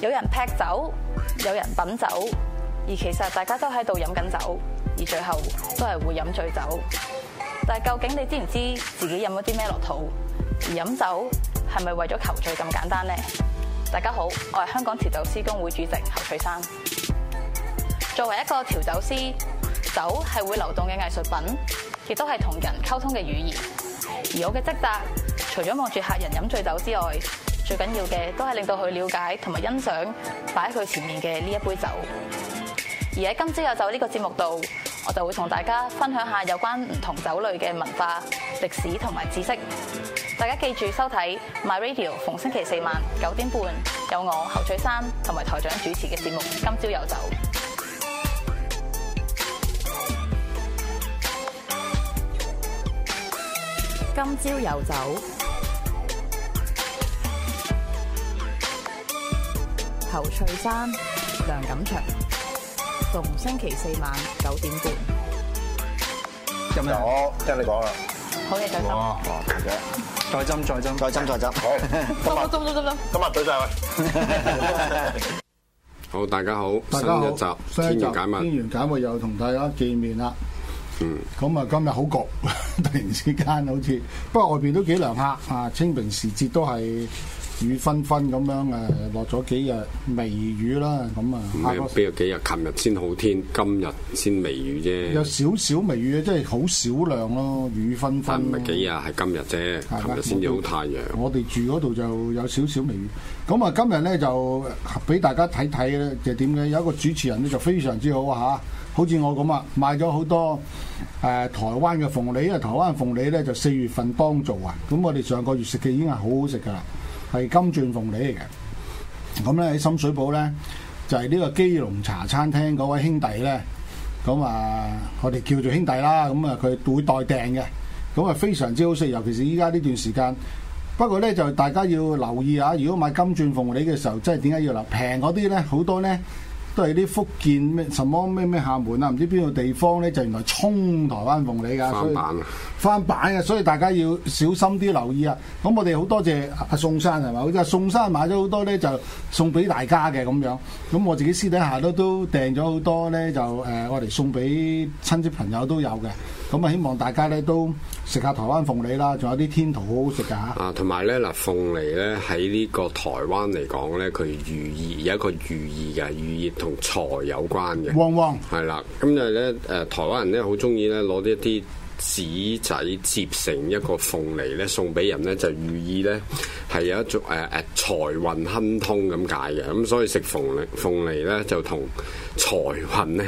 有人劈酒，有人品酒，而其實大家都喺度飲緊酒，而最後都係會飲醉酒。但係究竟你知唔知自己飲咗啲咩落肚？而飲酒係咪為咗求醉咁簡單呢？大家好，我係香港調酒師公會主席侯翠珊。作為一個調酒師，酒係會流動嘅藝術品，亦都係同人溝通嘅語言。而我嘅職責，除咗望住客人飲醉酒之外，最緊要嘅都係令到佢了解同埋欣賞擺喺佢前面嘅呢一杯酒。而喺今朝有酒呢個節目度，我就會同大家分享下有關唔同酒類嘅文化、歷史同埋知識。大家記住收睇 My Radio，逢星期四晚九點半有我侯翠珊同埋台長主持嘅節目《今朝有酒》。今朝有酒。侯翠山、梁錦祥，逢星期四晚九點半。咁樣，我聽你講啦。好嘅，再斟。再斟、再斟、再斟、再斟。好，今日斟都斟啦。今日對晒佢。好，大家好，新一集《天玄解密》，天玄解密又同大家見面啦。嗯。咁啊，今日好焗，突然之間好似，不過外邊都幾涼下啊！清明時節都係雨紛紛咁樣誒，落咗幾日微雨啦，咁啊是，唔係，邊有幾日？琴日先好天，今日先微雨啫。有少少微雨啊，即係好少量咯，雨紛紛。唔係幾日，係今日啫，琴日先至好太陽。我哋住嗰度就有少少微雨。咁啊，今日咧就俾大家睇睇咧，係點嘅？有一個主持人咧就非常之好吓，好似我咁啊，買咗好多誒台灣嘅鳳梨，因為台灣鳳梨咧就四月份當造啊，咁我哋上個月食嘅已經係好好食噶啦。係金鑽鳳梨嚟嘅，咁咧喺深水埗咧就係呢個基隆茶餐廳嗰位兄弟咧，咁啊我哋叫做兄弟啦，咁啊佢會代訂嘅，咁啊非常之好食，尤其是依家呢段時間。不過咧就大家要留意啊。如果買金鑽鳳梨嘅時候，即係點解要留平嗰啲咧？好多咧。都係啲福建咩什麼咩咩廈門啊？唔知邊個地方咧，就原來衝台灣鳳梨㗎，翻版啊！翻版啊！所以大家要小心啲留意啊！咁我哋好多謝阿宋生係咪？好似宋生買咗好多咧，就送俾大家嘅咁樣。咁我自己私底下都都訂咗好多咧，就誒我哋送俾親戚朋友都有嘅。咁啊，希望大家咧都食下台灣鳳梨啦，仲有啲天桃好好食噶啊，同埋咧嗱，鳳梨咧喺呢個台灣嚟講咧，佢寓意有一個寓意嘅，寓意同財有關嘅。旺旺。係啦，咁就係咧誒，台灣人咧好中意咧攞呢呢一啲。紙仔折成一個鳳梨咧，送俾人咧就寓意咧係有一種誒誒財運亨通咁解嘅，咁所以食鳳鳳梨咧就同財運咧，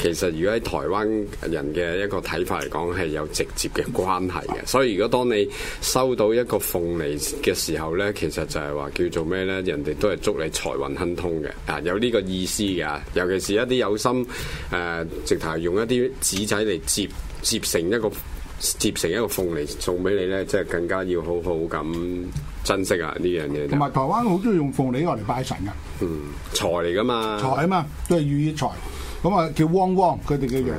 其實如果喺台灣人嘅一個睇法嚟講係有直接嘅關係嘅。所以如果當你收到一個鳳梨嘅時候咧，其實就係話叫做咩咧，人哋都係祝你財運亨通嘅啊，有呢個意思㗎。尤其是一啲有心誒、呃，直頭係用一啲紙仔嚟折。接成一個接成一個鳳梨送俾你咧，即係更加要好好咁珍惜啊！呢樣嘢同埋台灣好中意用鳳梨嚟拜神㗎，嗯，財嚟噶嘛，財啊嘛，都係寓意財。咁啊叫汪汪，佢哋嘅樣。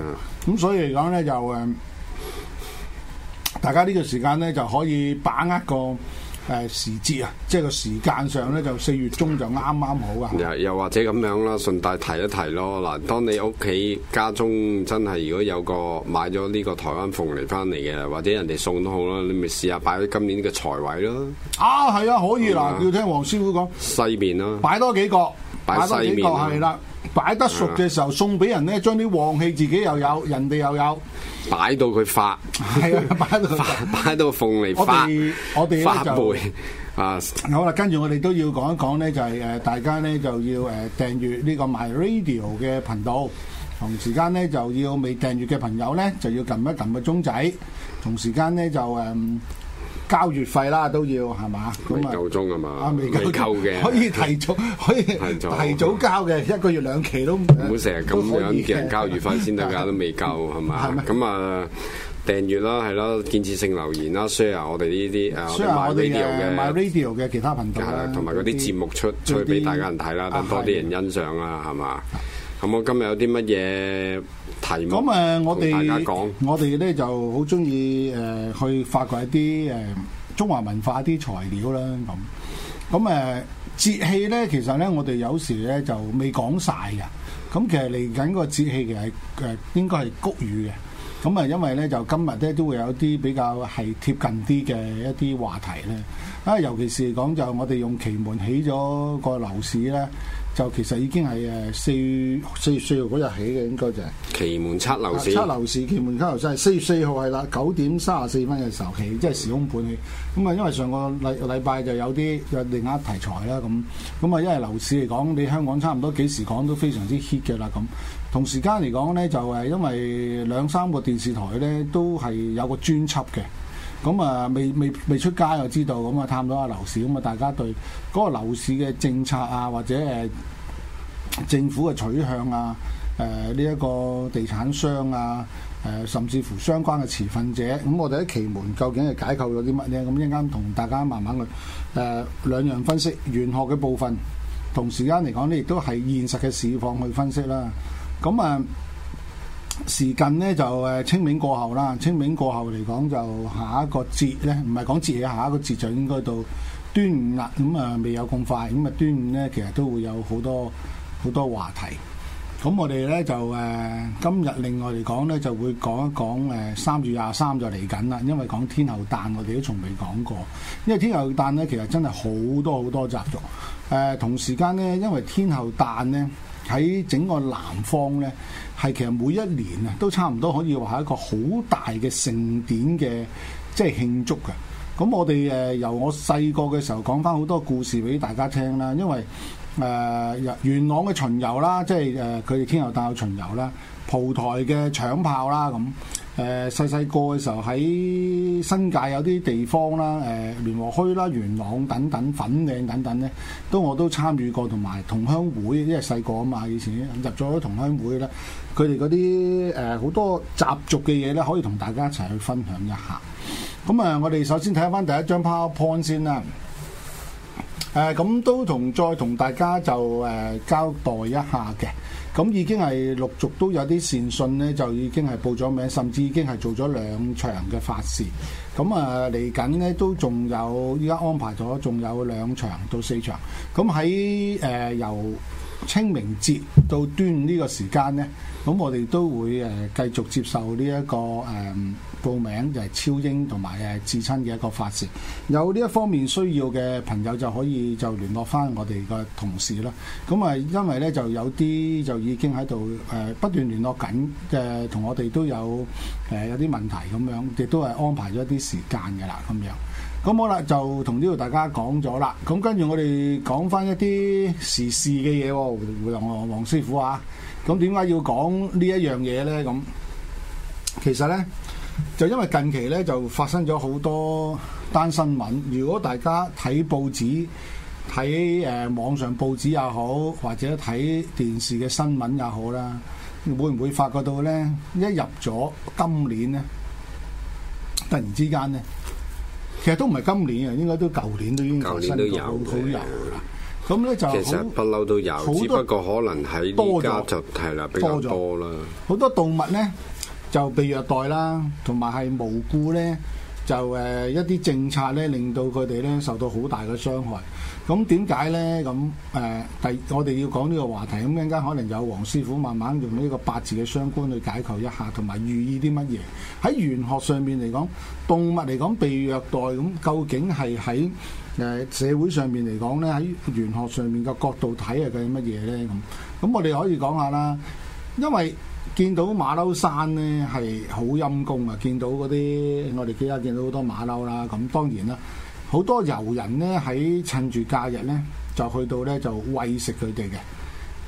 咁的所以嚟講咧，就誒，大家呢個時間咧就可以把握個，誒時節啊，即係個時間上咧，就四月中就啱啱好啊。又又或者咁樣啦，順帶提一提咯。嗱，當你屋企家中真係如果有個買咗呢個台灣鳳梨翻嚟嘅，或者人哋送都好啦，你咪試下擺喺今年嘅財位咯。啊，係啊，可以啦，啊、要聽黃師傅講。西面咯、啊，擺多幾個，擺西面、啊。係啦。擺得熟嘅時候送俾人咧，將啲旺氣自己又有，人哋又有，擺到佢發。係啊，擺到，擺到鳳梨發，我哋我哋咧就啊，杯好啦，跟住我哋都要講一講咧，就係、是、誒大家咧就要誒訂閱呢個 My Radio 嘅頻道，同時間咧就要未訂閱嘅朋友咧就要撳一撳個鐘仔，同時間咧就誒。嗯交月費啦，都要係嘛？未夠鍾啊嘛，未夠嘅，可以提早可以提早交嘅，一個月兩期都唔好成日咁樣叫人交月費先得㗎，都未夠係嘛？咁啊訂閱啦，係咯，建設性留言啦，share 我哋呢啲誒，我哋 MyRadio 嘅，MyRadio 嘅其他頻道啦，同埋嗰啲節目出出去俾大家人睇啦，等多啲人欣賞啦，係嘛？咁我今日有啲乜嘢題目同大家講？我哋咧就好中意，誒去發掘一啲誒中華文化一啲材料啦。咁咁誒節氣咧，其實咧我哋有時咧就未講晒嘅。咁其實嚟緊個節氣其實誒應該係穀雨嘅。咁啊，因為咧就今日咧都會有啲比較係貼近啲嘅一啲話題咧。啊，尤其是講就我哋用奇門起咗個樓市咧。就其實已經係誒四月四月四號嗰日起嘅應該就係、是、奇門測樓市，測、啊、樓市奇門測樓市，四月四號係啦，九點三十四分嘅時候起，即係時空半起。咁啊，因為上個禮禮拜就有啲有另一題材啦咁。咁啊，因為樓市嚟講，你香港差唔多幾時講都非常之 hit 嘅啦咁。同時間嚟講咧，就係因為兩三個電視台咧都係有個專輯嘅。咁啊，未未未出街就知道，咁啊探咗下樓市，咁啊大家對嗰個樓市嘅政策啊，或者誒政府嘅取向啊，誒呢一個地產商啊，誒、呃、甚至乎相關嘅持份者，咁、嗯、我哋喺奇門究竟係解構咗啲乜嘢，咁一陣間同大家慢慢去誒兩、呃、樣分析，玄學嘅部分，同時間嚟講，咧亦都係現實嘅市況去分析啦。咁、嗯、啊～、嗯時間呢，就誒清明過後啦，清明過後嚟講就下一個節呢，唔係講節嘅下一個節就應該到端午啦，咁、嗯、啊、嗯、未有咁快，咁啊端午呢，其實都會有好多好多話題。咁我哋呢，就誒、呃、今日另外嚟講呢，就會講一講誒三月廿三就嚟緊啦，因為講天后誕我哋都從未講過，因為天后誕呢，其實真係好多好多習俗。誒、呃、同時間呢，因為天后誕呢，喺整個南方呢，係其實每一年啊，都差唔多可以話係一個好大嘅盛典嘅，即係慶祝嘅。咁我哋誒由我細個嘅時候講翻好多故事俾大家聽啦，因為誒元朗嘅巡遊啦，即係誒佢哋天后誕嘅巡遊啦，蒲台嘅搶炮啦咁。誒細細個嘅時候喺新界有啲地方啦，誒、呃、聯和墟啦、元朗等等、粉嶺等等咧，都我都參與過，同埋同鄉會，因為細個啊嘛，以前入咗同鄉會咧，佢哋嗰啲誒好多習俗嘅嘢咧，可以同大家一齊去分享一下。咁啊、呃，我哋首先睇下翻第一張 PowerPoint 先啦。誒、呃，咁都同再同大家就誒、呃、交代一下嘅。咁已經係陸續都有啲善信呢就已經係報咗名，甚至已經係做咗兩場嘅法事。咁啊，嚟緊呢都仲有，依家安排咗仲有兩場到四場。咁喺呃、由清明節到端午呢個時間呢，咁我哋都會誒繼續接受呢、這、一個誒、嗯、報名，就係、是、超英同埋誒至親嘅一個法事。有呢一方面需要嘅朋友就可以就聯絡返我哋個同事啦。咁啊，因為呢就有啲就已經喺度誒不斷聯絡緊嘅，同、呃、我哋都有誒、呃、有啲問題咁樣，亦都係安排咗一啲時間嘅啦，咁樣。咁好啦，就同呢度大家講咗啦。咁跟住我哋講返一啲時事嘅嘢喎，胡黃師傅啊。咁點解要講呢一樣嘢呢？咁其實呢，就因為近期呢，就發生咗好多單新聞。如果大家睇報紙、睇誒、呃、網上報紙也好，或者睇電視嘅新聞也好啦，會唔會發覺到呢？一入咗今年呢，突然之間呢。其實都唔係今年啊，應該都舊年都已經有，有都有。咁咧就其實不嬲都有，只不過可能喺依家就係啦，比較多啦。好多，多，多，多動物咧就被虐待啦，同埋係無辜咧，就誒一啲政策咧令到佢哋咧受到好大嘅傷害。咁點解呢？咁、嗯、誒，第我哋要講呢個話題，咁陣間可能有黃師傅慢慢用呢個八字嘅相關去解構一下，同埋寓意啲乜嘢？喺玄學上面嚟講，動物嚟講被虐待咁、嗯，究竟係喺誒社會上面嚟講呢？喺玄學上面嘅角度睇係緊乜嘢呢？咁、嗯、咁，我哋可以講下啦。因為見到馬騮山呢係好陰公啊，見到嗰啲我哋今日見到好多馬騮啦，咁當然啦。好多遊人咧喺趁住假日咧就去到咧就餵食佢哋嘅。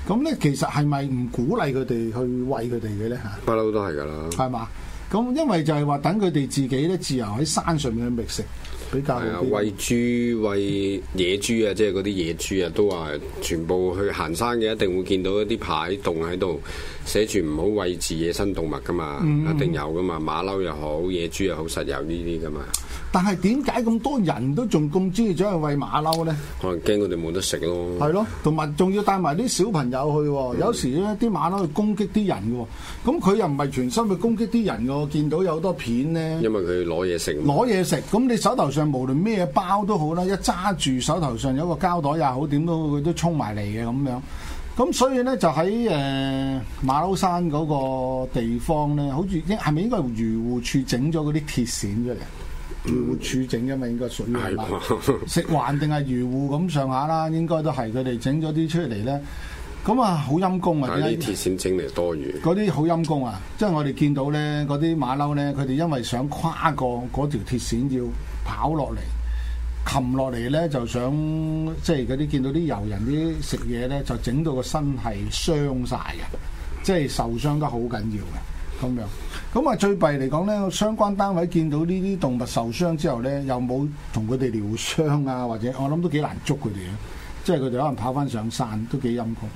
咁咧其實係咪唔鼓勵佢哋去餵佢哋嘅咧嚇？不嬲都係㗎啦。係嘛？咁因為就係話等佢哋自己咧自由喺山上面去覓食比較好啲。係啊，餵豬餵野豬啊，即係嗰啲野豬啊，都話全部去行山嘅一定會見到一啲牌棟喺度寫住唔好餵飼野生動物㗎嘛，一定有㗎嘛，馬騮又好，野豬又好，實有呢啲㗎嘛。但係點解咁多人都仲咁中意咗去餵馬騮咧？可能驚佢哋冇得食咯， 咯。係咯，同埋仲要帶埋啲小朋友去喎。嗯、有時咧，啲馬騮去攻擊啲人嘅，咁佢又唔係全身去攻擊啲人嘅。我見到有好多片咧，因為佢攞嘢食。攞嘢食，咁你手頭上無論咩包都好啦，一揸住手頭上有個膠袋也好，點都佢都衝埋嚟嘅咁樣。咁所以咧，就喺誒、呃、馬騮山嗰個地方咧，好似應係咪應該漁護處整咗嗰啲鐵線出嚟？漁戶整嘅嘛，應該屬於是吧 食環定係漁護咁上下啦，應該都係佢哋整咗啲出嚟咧。咁啊，好陰功啊！嗰啲鐵線整嚟多餘，嗰啲好陰功啊！即係我哋見到咧，嗰啲馬騮咧，佢哋因為想跨過嗰條鐵線，要跑落嚟，擒落嚟咧，就想即係嗰啲見到啲遊人啲食嘢咧，就整到個身係傷晒嘅，即係受傷得好緊要嘅。咁樣，咁啊最弊嚟講呢，相關單位見到呢啲動物受傷之後呢，又冇同佢哋療傷啊，或者我諗都幾難捉佢哋啊，即係佢哋可能跑返上山，都幾陰功。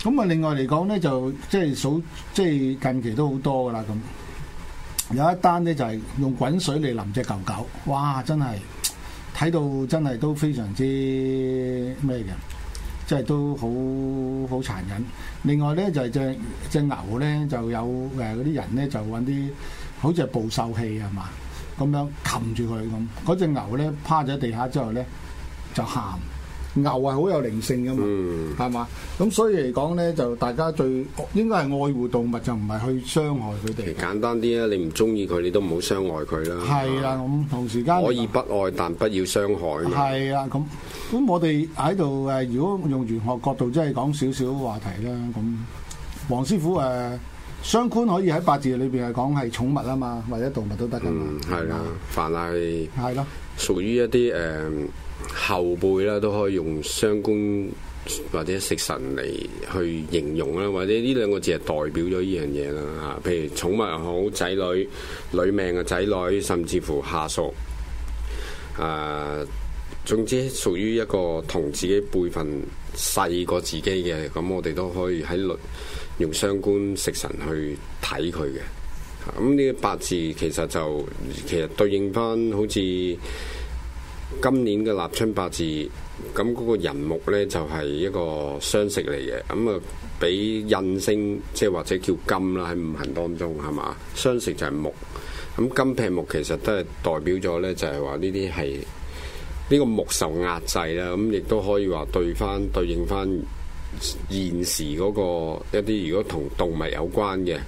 咁啊，另外嚟講呢，就即係數，即係近期都好多㗎喇咁。有一單呢，就係用滾水嚟淋隻狗狗，哇！真係睇到真係都非常之咩嘅。即係都好好殘忍。另外咧，就係隻隻牛咧，就有誒嗰啲人咧，就搵啲好似係捕獸器，係嘛，咁樣擒住佢咁。嗰隻、那個、牛咧趴咗地下之後咧，就喊。牛係好有靈性噶嘛，係嘛、嗯？咁所以嚟講咧，就大家最應該係愛護動物，就唔係去傷害佢哋。其實簡單啲啊，你唔中意佢，你都唔好傷害佢啦。係啦，咁同時間可以不愛，嗎但不要傷害。係啦，咁咁我哋喺度誒，如果用玄學角度，即係講少少話題啦。咁黃師傅誒，傷、呃、官可以喺八字裏邊係講係寵物啊嘛，或者動物都得噶嘛。嗯，係啦，凡係係咯，屬於一啲誒。的的後輩啦，都可以用傷官或者食神嚟去形容啦，或者呢兩個字係代表咗呢樣嘢啦。吓，譬如寵物又好，仔女女命嘅仔女，甚至乎下屬，啊、呃，總之屬於一個同自己輩份細過自己嘅，咁我哋都可以喺律用傷官食神去睇佢嘅。咁呢個八字其實就其實對應翻好似，今年嘅立春八字咁嗰個人木呢就係一個傷食嚟嘅咁啊，俾印星即係或者叫金啦喺五行當中係嘛？傷食就係木咁金劈木，木其實都係代表咗呢，就係話呢啲係呢個木受壓制啦。咁亦都可以話對翻對應翻現時嗰個一啲，如果同動物有關嘅，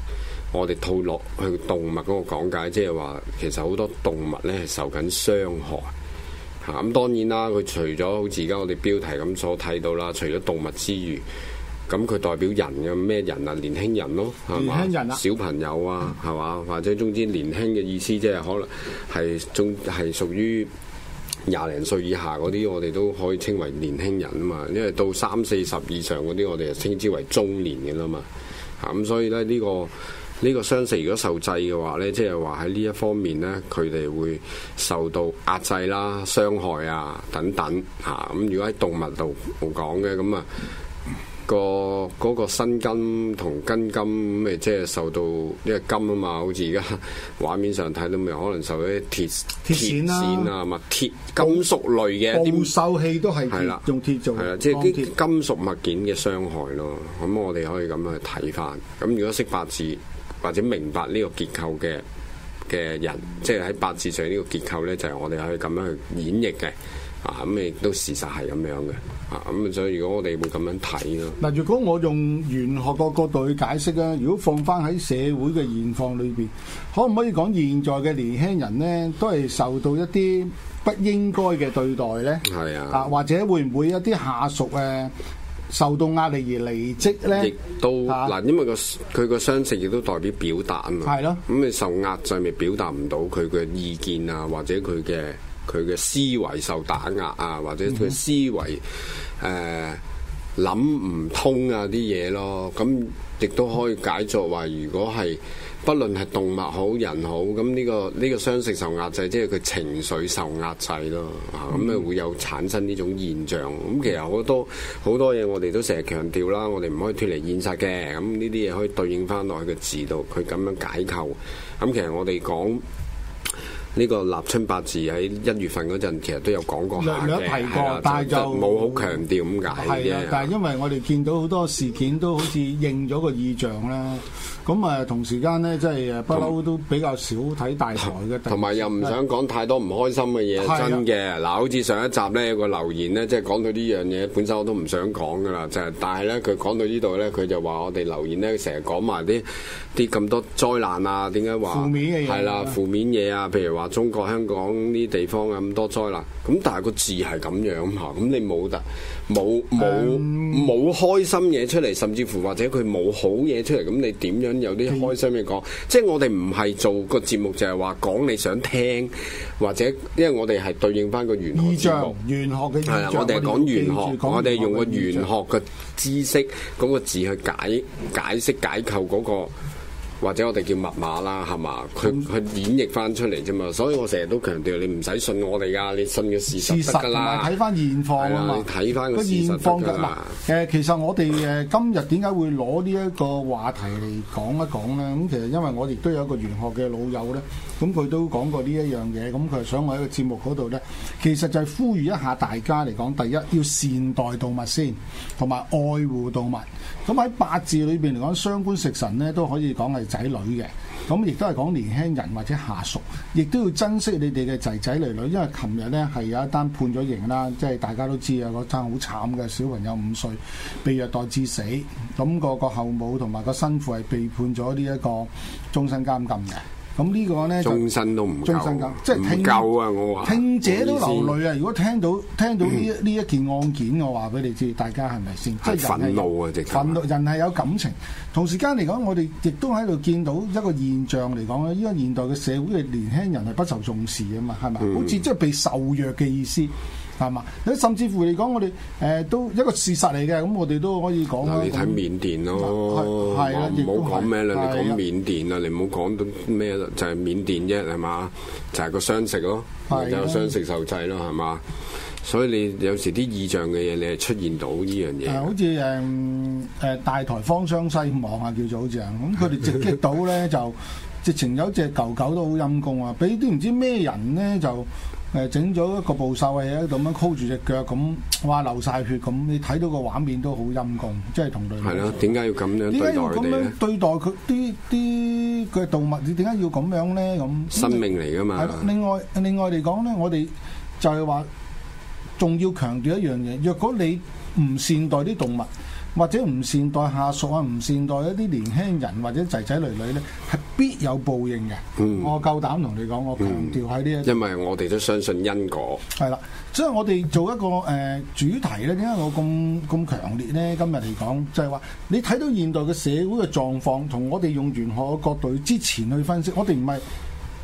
我哋套落去動物嗰個講解，即係話其實好多動物呢係受緊傷害。咁當然啦，佢除咗好似而家我哋標題咁所睇到啦，除咗動物之餘，咁佢代表人嘅咩人啊？年輕人咯，嚇嘛，嘛，小朋友啊，係嘛、嗯，或者總之年輕嘅意思，即係可能係中係屬於廿零歲以下嗰啲，我哋都可以稱為年輕人啊嘛。因為到三四十以上嗰啲，我哋就稱之為中年嘅啦嘛。嚇咁，所以咧、呢、呢個。呢個傷食如果受制嘅話咧，即係話喺呢一方面咧，佢哋會受到壓制啦、傷害啊等等嚇。咁、啊、如果喺動物度講嘅咁啊，嗰個嗰、嗰個、身金同根金咪即係受到，呢個金啊嘛，好似而家畫面上睇到咪可能受到啲鐵鐵線啊嘛，鐵金屬類嘅，啲手器都係係啦，的用鐵做啦，即係啲金屬物件嘅傷害咯。咁我哋可以咁去睇翻。咁如果識八字，或者明白呢個結構嘅嘅人，即係喺八字上呢個結構咧，就係、是、我哋可以咁樣去演繹嘅，啊咁亦都事實係咁樣嘅，啊咁所以如果我哋會咁樣睇咯。嗱，如果我用玄學個角度去解釋咧，如果放翻喺社會嘅現況裏邊，可唔可以講現在嘅年輕人咧，都係受到一啲不應該嘅對待咧？係是啊，啊，啊或者會唔會一啲下屬誒？啊受到壓力而離職咧，亦都嗱，啊、因為個佢個傷官亦都代表表達啊嘛，係咯，咁你的受壓就咪表達唔到佢嘅意見啊，或者佢嘅佢嘅思維受打壓啊，嗯、哼或者佢思維誒諗唔通啊啲嘢咯，咁。亦都可以解作為，如果係，不論係動物好人好，咁呢、這個呢、這個傷食受壓制，即係佢情緒受壓制咯，啊、mm，咁、hmm. 啊會有產生呢種現象。咁其實好多好多嘢，我哋都成日強調啦，我哋唔可以脫離現實嘅。咁呢啲嘢可以對應翻落去個字度，佢咁樣解構。咁其實我哋講。呢個立春八字喺一月份嗰陣，其實都有講過，略略提過，但係就冇好強調咁解。係啊，但係因為我哋見到好多事件都好似應咗個意象啦。咁誒同時間咧，即係誒不嬲都比較少睇大台嘅。同埋又唔想講太多唔開心嘅嘢，的真嘅嗱，好似的上一集咧有個留言咧，即係講到呢樣嘢，本身我都唔想講噶啦，就係、是、但係咧佢講到呢度咧，佢就話我哋留言咧成日講埋啲啲咁多災難啊，點解話負面係啦負面嘢的啊？譬、啊、如話中國香港啲地方咁多災難咁但係個字係咁樣吓咁你冇得冇冇冇開心嘢出嚟，甚至乎或者佢冇好嘢出嚟，咁你點樣。有啲開心嘅講，即係我哋唔係做個節目就係話講你想聽，或者因為我哋係對應翻個玄學節目。異象，玄學嘅異象。係啊，我哋係講玄學，我哋用個玄學嘅知識嗰個字去解解釋解構嗰個。或者我哋叫密碼啦，係嘛？佢佢演繹翻出嚟啫嘛，所以我成日都強調你唔使信我哋噶，你信嘅事實。事實睇翻現況啊嘛，睇翻個現況㗎嘛。誒，其實我哋誒今日點解會攞呢一個話題嚟講一講咧？咁其實因為我哋都有一個玄學嘅老友咧，咁佢都講過呢一樣嘢，咁佢想我喺個節目嗰度咧，其實就係呼籲一下大家嚟講，第一要善待動物先，同埋愛護動物。咁喺八字裏邊嚟講，傷官食神咧都可以講係。仔女嘅，咁亦都係講年輕人或者下屬，亦都要珍惜你哋嘅仔仔女女。因為琴日呢係有一單判咗刑啦，即係大家都知啊，嗰單好慘嘅，小朋友五歲被虐待致死，咁、嗰個後母同埋個身父係被判咗呢一個終身監禁嘅。咁呢個咧，終身都唔夠，即係我話聽者都流淚啊！如果聽到聽到呢呢一件案件，我話俾你知，大家係咪先？即係憤怒啊！直頭憤怒，人係有感情。同時間嚟講，我哋亦都喺度見到一個現象嚟講咧。呢個現代嘅社會嘅年輕人係不受重視啊嘛，係咪？好似即係被受虐嘅意思。係嘛？你甚至乎嚟講，我哋誒都一個事實嚟嘅，咁、嗯、我哋都可以講。你睇緬甸咯，係啦，唔好講咩啦，講的緬甸啦，的你唔好講到咩啦，就係、是、緬甸啫，係嘛？就係、是、個雙食咯，的又有傷食受制咯，係嘛？所以你有時啲異象嘅嘢，你係出現到呢樣嘢。好似誒誒大台方雙西望啊，叫做好似啊，咁佢哋直擊到咧， 就直情有隻狗狗都好陰功啊，俾啲唔知咩人咧就～誒整咗一個捕獸夾嘅嘢，咁樣箍住隻腳，咁話流晒血，咁你睇到個畫面都好陰公，即係同類。係咯，點解要咁樣對待佢哋啊？點解要咁樣對待佢啲啲嘅動物？你點解要咁樣咧？咁生命嚟㗎嘛？另外的另外嚟講咧，我哋就係話，仲要強調一樣嘢，若果你唔善待啲動物，或者唔善待下屬啊，唔善待一啲年輕人或者仔仔女女咧，係必有報應嘅，嗯。我夠膽同你講，我強調喺呢一，因為我哋都相信因果。係啦，所以我哋做一個誒、呃、主題咧，點解我咁咁強烈咧？今日嚟講，就係、是、話，你睇到現代嘅社會嘅狀況同我哋用玄學嘅角度之前去分析，我哋唔係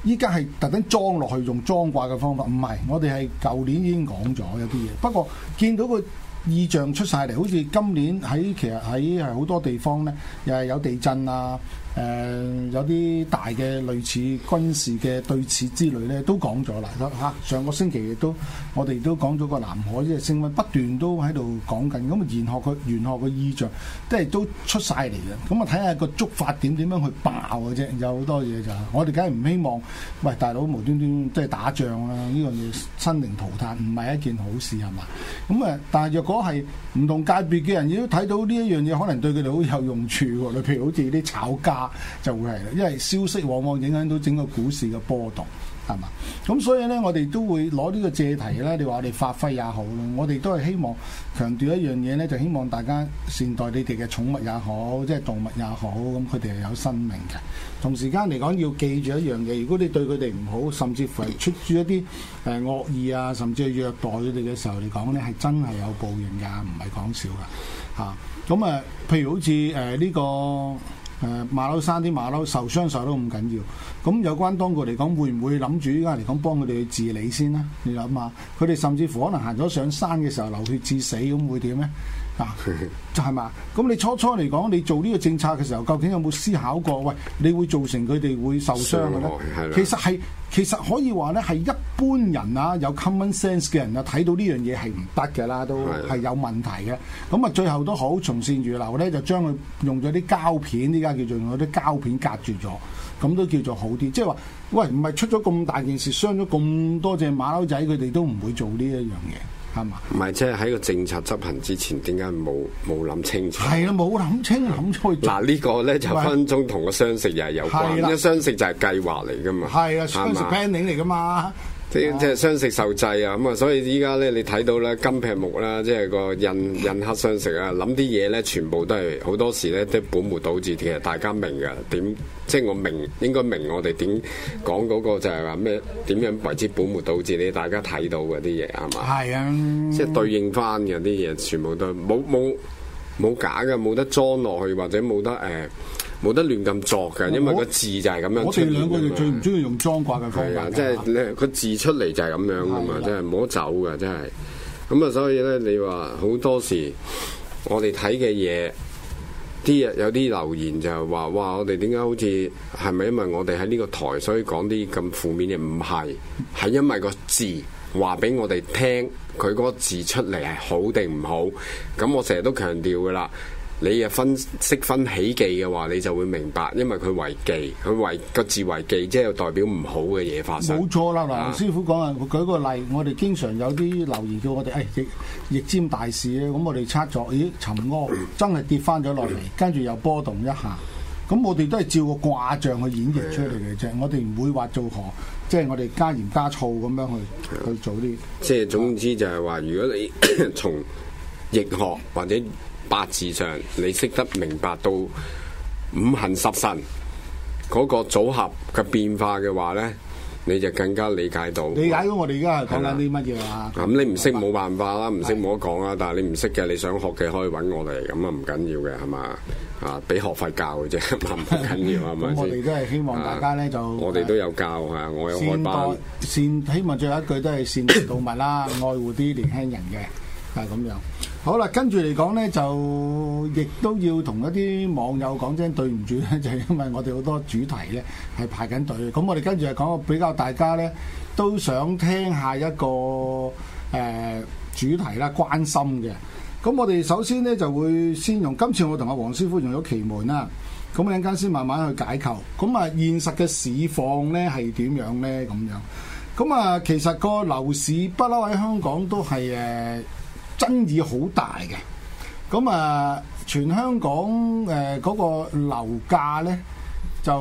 依家係特登裝落去用裝掛嘅方法，唔係，我哋係舊年已經講咗有啲嘢，不過見到個異象出晒嚟，好似今年喺其實喺好多地方咧，又係有地震啊！誒、呃、有啲大嘅類似軍事嘅對峙之類咧，都講咗啦，得、啊、上個星期都我哋都講咗個南海嘅升溫不斷都喺度講緊，咁啊玄學嘅玄學嘅意象，即係都出晒嚟嘅。咁啊睇下個觸發點點樣去爆嘅啫。有好多嘢就係、是、我哋梗係唔希望，喂大佬無端端即係打仗啦，呢樣嘢生靈塗炭，唔係一件好事係嘛？咁啊、嗯，但係若果係唔同界別嘅人，亦都睇到呢一樣嘢，可能對佢哋好有用處喎。例如好似啲炒家。就會係，因為消息往往影響到整個股市嘅波動，係嘛？咁所以呢，我哋都會攞呢個借題呢，你話我哋發揮也好咯。我哋都係希望強調一樣嘢呢，就希望大家善待你哋嘅寵物也好，即係動物也好，咁佢哋係有生命嘅。同時間嚟講，要記住一樣嘢，如果你對佢哋唔好，甚至乎係出住一啲誒惡意啊，甚至係虐待佢哋嘅時候嚟講呢，係真係有報應㗎，唔係講笑㗎嚇。咁啊，譬如好似誒呢個。誒馬騮山啲馬騮受傷時候都唔緊要，咁有關當局嚟講會唔會諗住依家嚟講幫佢哋去治理先呢？你諗下，佢哋甚至乎可能行咗上山嘅時候流血致死，咁會點呢？嗱就係嘛，咁 你初初嚟講，你做呢個政策嘅時候，究竟有冇思考過？喂，你會造成佢哋會受傷嘅咧？ 其實係，其實可以話咧，係一般人啊，有 common sense 嘅人啊，睇到呢樣嘢係唔得嘅啦，都係有問題嘅。咁啊，最後都好，從善如流咧，就將佢用咗啲膠片，呢家叫做用咗啲膠片隔住咗，咁都叫做好啲。即係話，喂，唔係出咗咁大件事，傷咗咁多隻馬騮仔，佢哋都唔會做呢一樣嘢。唔係即係喺個政策執行之前，點解冇冇諗清楚？係啊，冇諗清諗錯。嗱、這個、呢個咧喂就分鐘同個相食又係有關啦的。因為相食就係計劃嚟㗎嘛。係啊，相食 planning 嚟㗎嘛。即，即係相食受制啊，咁啊，所以依家咧你睇到咧，金劈木啦，即係個印印刻相食啊，諗啲嘢咧全部都係好多時咧都係本末倒置。其實大家明噶，點即係我明應該明，我哋點講嗰個就係話咩？點樣為之本末倒置？你大家睇到嗰啲嘢係嘛？係啊，的即係對應翻嘅啲嘢，全部都冇冇冇假嘅，冇得裝落去或者冇得誒。呃冇得亂咁作㗎，因為個字就係咁樣我。我哋兩個最唔中意用裝掛嘅方法。係啊的，即係咧個字出嚟就係咁樣噶嘛，即係唔好走噶，真係。咁、嗯、啊，所以咧，你話好多時我，我哋睇嘅嘢，啲有啲留言就係話，哇，我哋點解好似係咪因為我哋喺呢個台所，所以講啲咁負面嘅？唔係，係因為個字話俾我哋聽，佢嗰個字出嚟係好定唔好。咁我成日都強調噶啦。你啊分識分喜忌嘅話，你就會明白，因為佢為忌，佢為個字為忌，即係代表唔好嘅嘢發生。冇錯啦，嗱，師傅講啊，舉個例，我哋經常有啲留言叫我哋誒，易易佔大市啊，咁我哋測咗，咦，沉屙真係跌翻咗落嚟，跟住又波動一下，咁我哋都係照個卦象去演繹出嚟嘅啫，我哋唔會話做何，即係我哋加鹽加醋咁樣去去做啲。即係總之就係話，如果你從易學或者，八字上你識得明白到五行十神嗰、那個組合嘅變化嘅話咧，你就更加理解到。理解到我哋而家係講緊啲乜嘢啊？咁、嗯、你唔識冇辦法啦，唔識冇得講啦。是但係你唔識嘅，你想學嘅可以搵我哋，咁啊唔緊要嘅係嘛啊，俾學費教嘅啫，唔 緊要係咪 吧我哋都係希望大家咧就、啊、我哋都有教啊，我有開班善，希望最後一句都係善待動物啦， 愛護啲年輕人嘅。就咁樣。好啦，跟住嚟講呢，就亦都要同一啲網友講聲對唔住呢，就係因為我哋好多主題呢係排緊隊。咁我哋跟住嚟講個比較，大家呢都想聽下一個誒、呃、主題啦，關心嘅。咁我哋首先呢，就會先用今次我同阿黃師傅用咗奇門啦。咁一陣間先慢慢去解構。咁啊，現實嘅市況呢係點樣呢？咁樣。咁啊，其實個樓市不嬲喺香港都係誒。呃爭議好大嘅，咁啊，全香港誒嗰、呃那個樓價咧，就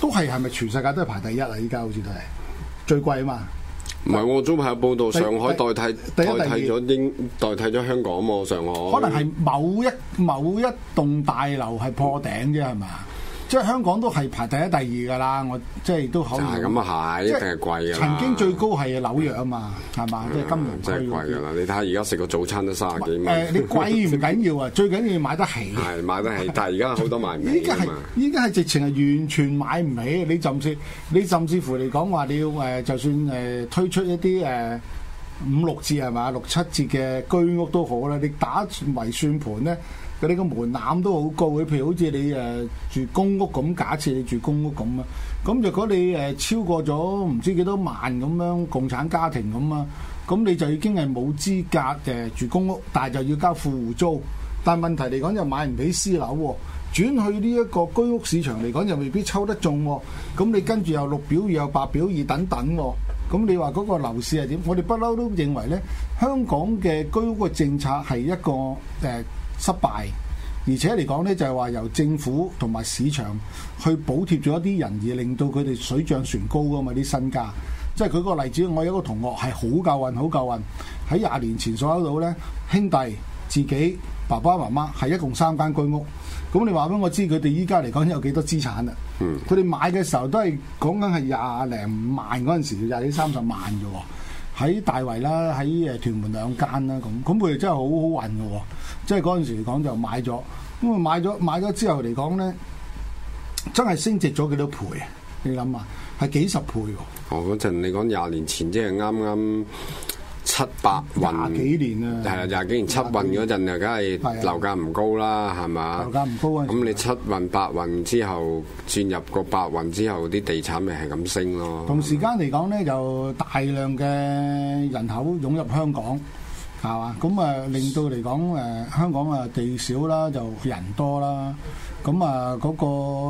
都係係咪全世界都係排第一啊？依家好似都係最貴啊嘛！唔係是但我早排有報道，第上海代替 2, 代替咗英代替咗香港喎，上海可能係某一某一棟大樓係破頂啫，係嘛、嗯？即係香港都係排第一第二噶啦，我即係都可能。即係咁啊，係是一定係貴噶啦。曾經最高係紐約啊嘛，係嘛？嗯、即係金融區。真係貴噶啦！你睇下而家食個早餐都三十幾蚊，呃。你貴唔緊要啊， 最緊要買得起。係買得起，但係而家好多買唔起啊嘛。依家係依家係直情係完全買唔起。你甚至你甚至乎嚟講話，你，說說你要誒，就算誒推出一啲誒五六折係嘛，六七折嘅居屋都好啦。你打埋算盤咧，嗰啲個門檻都好高嘅，譬如好似你誒住公屋咁，假設你住公屋咁啊，咁如果你誒超過咗唔知幾多萬咁樣共產家庭咁啊，咁你就已經係冇資格誒住公屋，但係就要交富戶租。但係問題嚟講又買唔起私樓喎，轉去呢一個居屋市場嚟講又未必抽得中喎。咁你跟住又六表二，又八表二，等等喎。咁你話嗰個樓市係點？我哋不嬲都認為呢香港嘅居屋嘅政策係一個誒，呃失敗，而且嚟講呢，就係話由政府同埋市場去補貼咗一啲人而令到佢哋水漲船高㗎嘛啲身家。即係舉個例子，我有一個同學係好夠運，好夠運，喺廿年前所有到呢，兄弟自己爸爸媽媽係一共三間居屋。咁你話俾我知佢哋依家嚟講有幾多資產啦？佢哋、嗯、買嘅時候都係講緊係廿零萬嗰陣時，廿三十萬嘅喎。喺大圍啦，喺誒屯門兩間啦，咁咁佢哋真係好好運嘅喎，即係嗰陣時嚟講就買咗，咁啊買咗買咗之後嚟講咧，真係升值咗幾多倍啊？你諗下，係幾十倍喎！哦嗰陣你講廿年前剛剛，即係啱啱。七、八運，廿幾年啊！係啊，廿幾年七運嗰陣啊，梗係樓價唔高啦，係嘛？樓價唔高啊！咁你七運、八運之後，轉入個八運之後，啲地產咪係咁升咯。同時間嚟講咧，就大量嘅人口湧入香港，係嘛？咁啊，令到嚟講誒，香港啊地少啦，就人多啦。咁啊，嗰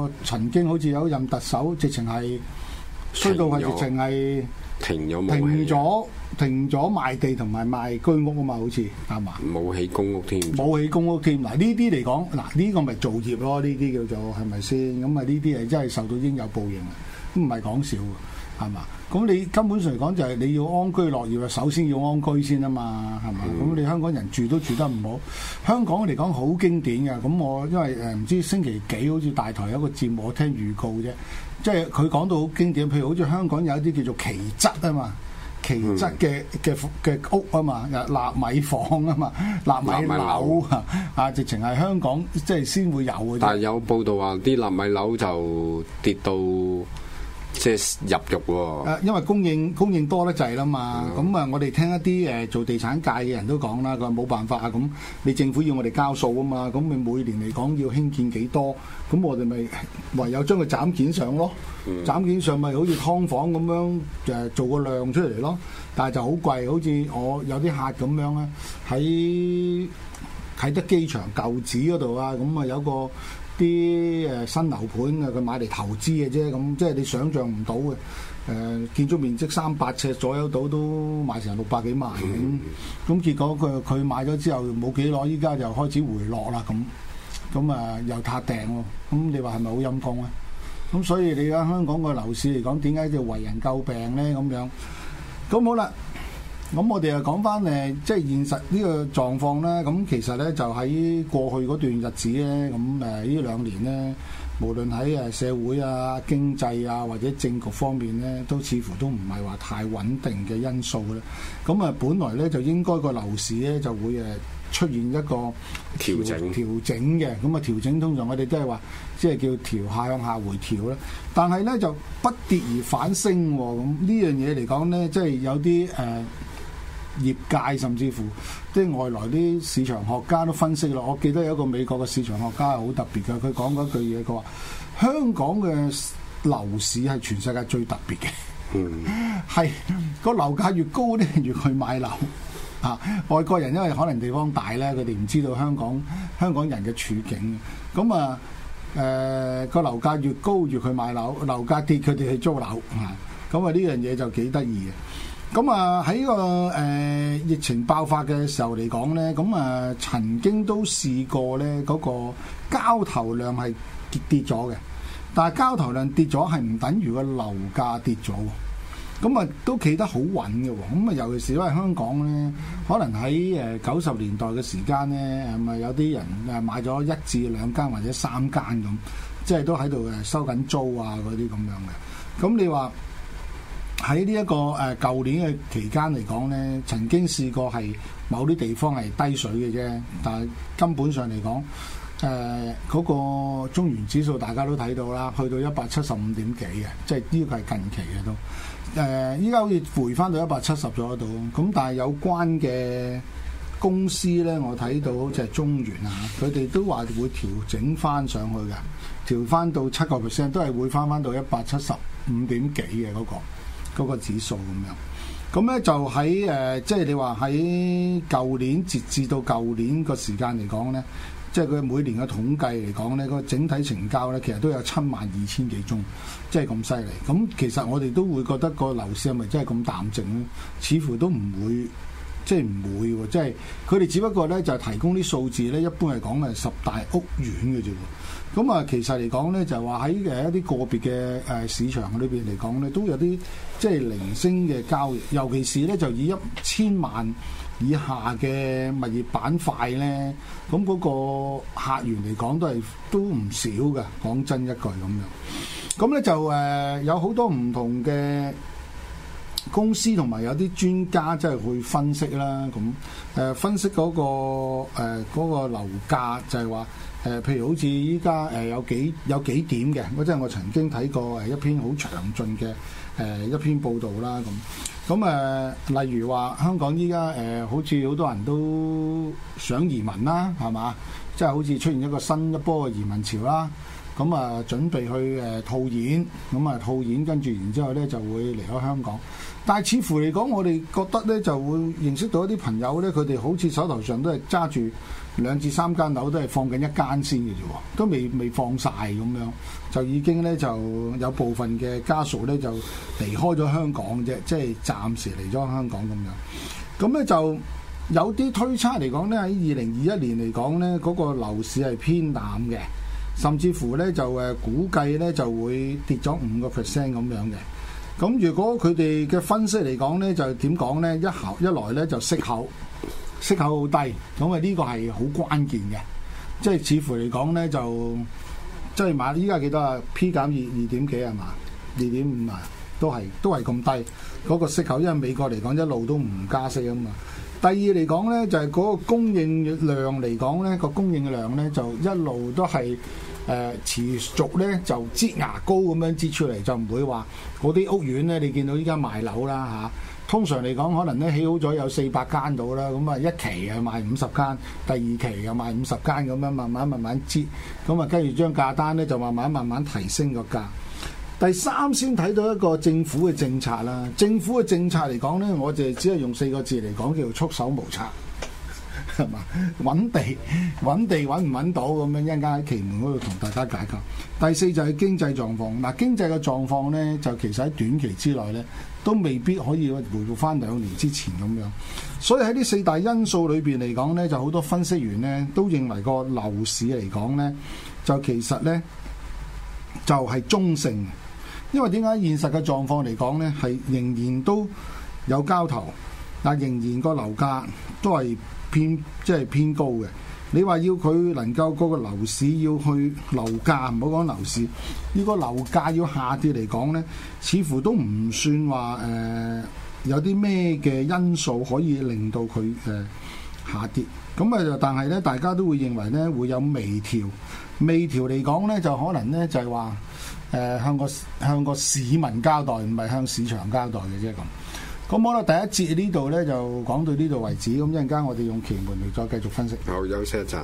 個曾經好似有任特首，直情係衰到佢直情係停咗冇停咗。停咗賣地同埋賣居屋啊嘛，好似係嘛？冇起公屋添，冇起有公屋添。嗱呢啲嚟講，嗱呢個咪造業咯，呢啲叫做係咪先？咁啊呢啲係真係受到應有報應啊，唔係講笑㗎，係嘛？咁你根本上嚟講就係你要安居樂業啊，首先要安居先啊嘛，係嘛？咁、嗯、你香港人住都住得唔好，香港嚟講好經典嘅。咁我因為誒唔知星期幾，好似大台有一個節目，我聽預告啫，即係佢講到好經典，譬如好似香港有一啲叫做奇質啊嘛。奇質嘅嘅嘅屋啊嘛，有納米房啊嘛，納米，嘛納米樓，納米樓啊，啊直情係香港即係先會有。但係有報道話啲納米樓就跌到。即係入肉喎。誒，因為供應供應多得滯啦嘛。咁啊，我哋聽一啲誒做地產界嘅人都講啦，佢話冇辦法啊。咁你政府要我哋交數啊嘛。咁你每年嚟講要興建幾多？咁我哋咪唯有將佢斬件上咯。斬件上咪好似劏房咁樣誒，做個量出嚟咯。但係就好貴，好似我有啲客咁樣咧，喺啟德機場舊址嗰度啊，咁啊有個。啲誒新樓盤啊，佢買嚟投資嘅啫，咁即係你想像唔到嘅。誒、呃、建築面積三百尺左右到都賣成六百幾萬咁，咁、嗯、結果佢佢買咗之後冇幾耐，依家又開始回落啦咁，咁啊又撻訂咯。咁你話係咪好陰功咧？咁所以你喺香港個樓市嚟講，點解就為人詬病咧？咁樣咁好啦。咁我哋又講翻誒，即係現實呢個狀況咧。咁其實咧，就喺過去嗰段日子咧，咁誒呢兩年咧，無論喺誒社會啊、經濟啊或者政局方面咧，都似乎都唔係話太穩定嘅因素咧。咁啊，本來咧就應該個樓市咧就會誒出現一個調整調整嘅。咁啊，調整通常我哋都係話，即係叫調下向下回調啦。但係咧就不跌而反升喎。咁呢樣嘢嚟講咧，即係有啲誒。呃業界甚至乎即係外來啲市場學家都分析啦，我記得有一個美國嘅市場學家係好特別嘅，佢講嗰句嘢，佢話香港嘅樓市係全世界最特別嘅，係個、嗯、樓價越高咧，越去買樓啊！外國人因為可能地方大呢，佢哋唔知道香港香港人嘅處境嘅，咁啊誒個、呃、樓價越高，越去買樓；樓價跌，佢哋去租樓啊！咁啊呢樣嘢就幾得意嘅。咁啊喺個誒疫情爆發嘅時候嚟講咧，咁啊曾經都試過咧嗰個交投量係跌跌咗嘅，但係交投量跌咗係唔等於個樓價跌咗喎。咁啊都企得好穩嘅喎。咁啊尤其是因為香港咧，可能喺誒九十年代嘅時間咧，係咪有啲人誒買咗一至兩間或者三間咁，即係都喺度誒收緊租啊嗰啲咁樣嘅。咁你話？喺呢一個誒舊年嘅期間嚟講咧，曾經試過係某啲地方係低水嘅啫，但係根本上嚟講，誒嗰個中原指數大家都睇到啦，去到一百七十五點幾嘅，即係呢個係近期嘅都。誒依家好似回返到一百七十左右度，咁但係有關嘅公司呢，我睇到就係中原啊，佢哋都話會調整返上去嘅，調返到七個 percent 都係會返返到一百七十五點幾嘅嗰個。嗰個指數咁樣，咁咧就喺誒，即係你話喺舊年截至到舊年個時間嚟講咧，即係佢每年嘅統計嚟講咧，個整體成交咧其實都有七萬二千幾宗，即係咁犀利。咁其實我哋都會覺得個樓市係咪真係咁淡靜咧？似乎都唔會，即係唔會喎。即係佢哋只不過咧就係提供啲數字咧，一般係講係十大屋苑嘅啫。咁啊，其實嚟講咧，就係話喺誒一啲個別嘅誒市場裏邊嚟講咧，都有啲即係零星嘅交易，尤其是咧就以一千萬以下嘅物業板塊咧，咁嗰個客源嚟講都係都唔少嘅，講真一句咁樣。咁咧就誒有好多唔同嘅公司同埋有啲專家即係去分析啦，咁誒分析嗰個誒嗰個樓價就係話。誒，譬如好似依家誒有幾有幾點嘅，嗰即係我曾經睇過誒一篇好詳盡嘅誒一篇報道啦咁。咁誒，例如話香港依家誒，好似好多人都想移民啦，係嘛？即係好似出現一個新一波嘅移民潮啦。咁啊，準備去誒套現，咁啊套現，跟住然之後呢就會離開香港。但係似乎嚟講，我哋覺得呢就會認識到一啲朋友呢，佢哋好似手頭上都係揸住兩至三間樓都係放緊一間先嘅啫，都未未放晒。咁樣，就已經呢就有部分嘅家屬呢就離開咗香港啫，即係暫時離咗香港咁樣。咁呢就有啲推測嚟講呢，喺二零二一年嚟講呢嗰個樓市係偏淡嘅，甚至乎呢就誒估計呢就會跌咗五個 percent 咁樣嘅。咁如果佢哋嘅分析嚟講呢就點講呢？一行一來呢就息口。息口好低，咁啊呢個係好關鍵嘅，即係似乎嚟講咧就，即係買依家幾多 P 2, 2. 啊？P 減二二點幾啊嘛，二點五啊，都係都係咁低嗰。那個息口，因為美國嚟講一路都唔加息啊嘛。第二嚟講咧就係、是、嗰個供應量嚟講咧個供應量咧就一路都係誒、呃、持續咧就擠牙膏咁樣擠出嚟，就唔會話嗰啲屋苑咧你見到依家賣樓啦嚇。啊通常嚟講，可能咧起好咗有四百間到啦，咁啊一期又賣五十間，第二期又賣五十間，咁樣慢慢慢慢接，咁啊跟住張價單咧就慢慢慢慢提升個價。第三先睇到一個政府嘅政策啦，政府嘅政策嚟講咧，我哋只係用四個字嚟講，叫做束手無策，係嘛？揾地揾地揾唔揾到咁樣，一陣間喺奇門嗰度同大家解構。第四就係經濟狀況，嗱經濟嘅狀況咧就其實喺短期之內咧，都未必可以回復翻兩年之前咁樣，所以喺呢四大因素裏邊嚟講呢，就好多分析員呢都認為個樓市嚟講呢，就其實呢就係、是、中性，因為點解現實嘅狀況嚟講呢，係仍然都有交投，但仍然個樓價都係偏即係、就是、偏高嘅。你話要佢能夠嗰個樓市要去樓價，唔好講樓市，呢個樓價要下跌嚟講呢，似乎都唔算話誒、呃、有啲咩嘅因素可以令到佢誒、呃、下跌。咁啊，但係呢，大家都會認為呢會有微調，微調嚟講呢就可能呢就係話誒向個向個市民交代，唔係向市場交代嘅啫咁。咁好啦第一節呢度呢，就講到呢度為止。咁一陣間，我哋用奇門嚟再繼續分析。好，休息一陣。